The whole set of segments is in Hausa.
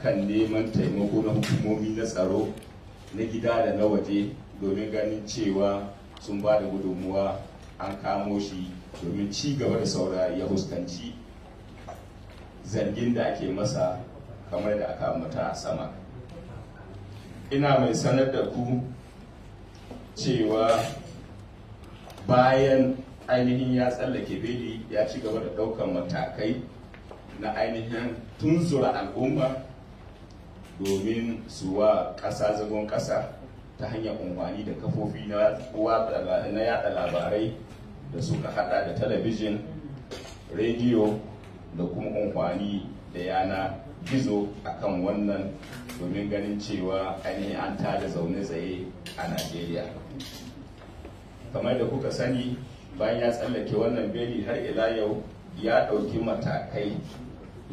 kan neman taimako na hukumomi na tsaro na gida da na waje domin ganin cewa sun ba da gudunmuwa an kamo shi domin ci gaba da saura ya huskanci zargin da ake masa kamar da aka mata a sama ina mai sanar da ku cewa bayan ainihin ya tsallake beli ya ci gaba da ɗaukar matakai na ainihin tunzura al'umma domin suwa wa ƙasa zagon ƙasa ta hanyar umarni da kafofi na yada labarai da suka hada da talabijin rediyo da kuma umarni da yana gizo akan wannan domin ganin cewa ainihin an da zaune tsaye a najeriya kamar da kuka sani bayan ya tsallake wannan beli har ila yau ya ɗauki matakai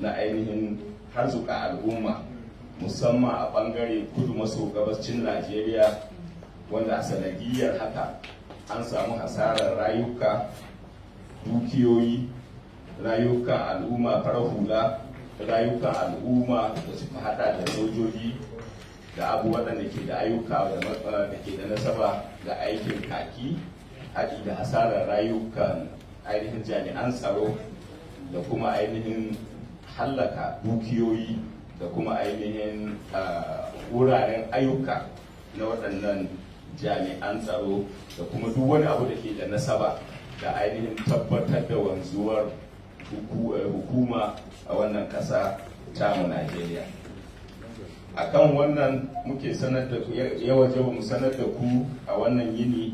na ainihin harzuka al'umma musamman a bangare kudu maso gabascin najeriya wanda a sanadiyar haka an samu hasarar rayuka dukiyoyi rayukan al'umma farar hula rayukan al'umma da suka hada da sojoji da abubuwan da ke da ayyuka eh, da ke da nasaba da aikin kaki haɗi da hasarar rayukan ainihin jami'an tsaro da kuma ainihin hallaka dukiyoyi da kuma ainihin wuraren ayyuka na waɗannan jami'an tsaro da kuma duk wani abu da ke da nasaba da ainihin tabbatar da wanzuwar eh, hukuma a wannan ƙasa mu najeriya kan wannan muke sanar da ku yawa mu sanar da ku a wannan yini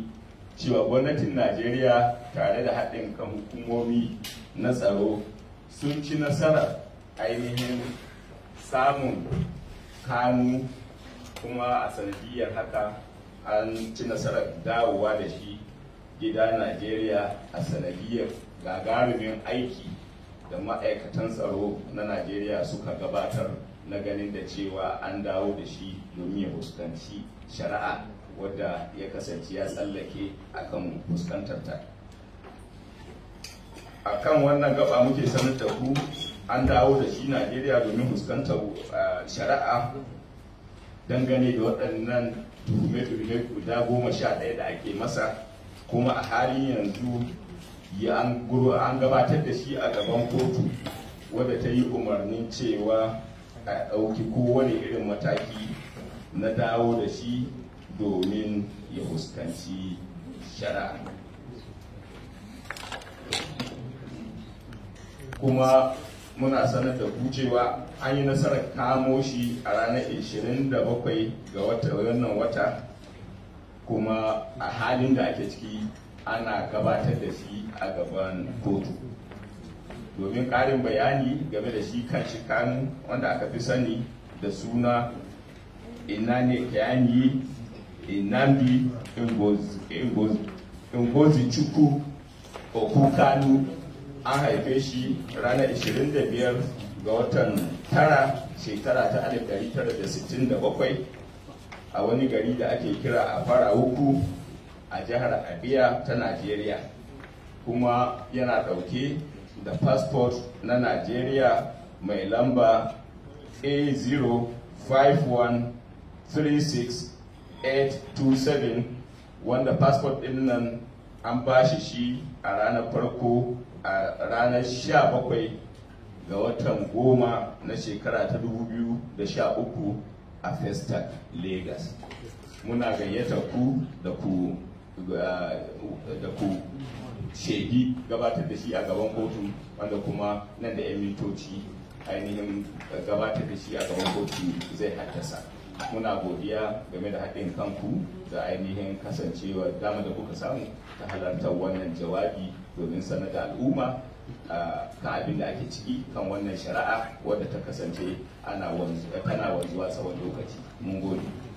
cewa gwamnatin najeriya tare da haɗin kan hukumomi na tsaro sun ci nasara ainihin samun kanu kuma a sanadiyar haka an ci nasarar dawowa da shi gida najeriya a sanadiyar gagarumin aiki da ma'aikatan tsaro na najeriya suka gabatar na ganin da cewa an dawo da shi domin ya fuskanci shari'a wadda ya kasance ya tsallake akan fuskantar ta kan wannan gaba muke sanar da ku an dawo da shi najeriya domin fuskantar shari'a dangane da waɗannan tuhume-tuhume guda goma sha ɗaya da ake masa kuma a halin yanzu an gabatar da shi a gaban kotu wadda ta yi umarnin cewa a ɗauki kowane irin mataki na dawo da shi domin ya fuskanci shari'a kuma muna sanar da ku an yi nasarar kamo shi a ranar 27 ga wata wannan wata kuma a halin da ake ciki ana gabatar da shi a gaban kotu domin ƙarin bayani game da shi kan shi kanu wanda aka fi sani da suna inane kayanyi inambi ingozi chukwu okukanu an haife shi ranar 25 ga watan tara shekara ta 1967 a wani gari da ake kira a fara uku a jihar abia ta najeriya kuma yana dauke da passport na najeriya mai lamba a 051 wanda passport din nan an ba shi shi a ranar farko a ranar sha bakwai ga watan goma na shekara ta da sha uku a festac lagos muna gayyata ku da ku da ku gabatar da shi a gaban kotu wanda kuma nan da 'yan mintoci ainihin gabatar da shi a gaban kotu zai haddasa muna godiya game da haɗin kanku da ainihin kasancewa dama da kuka samu ta halartar wannan jawabi domin sanar al'umma kan abin da ake ciki kan wannan shari'a wadda ta kasance ana tana wanzuwa tsawon lokaci mun gode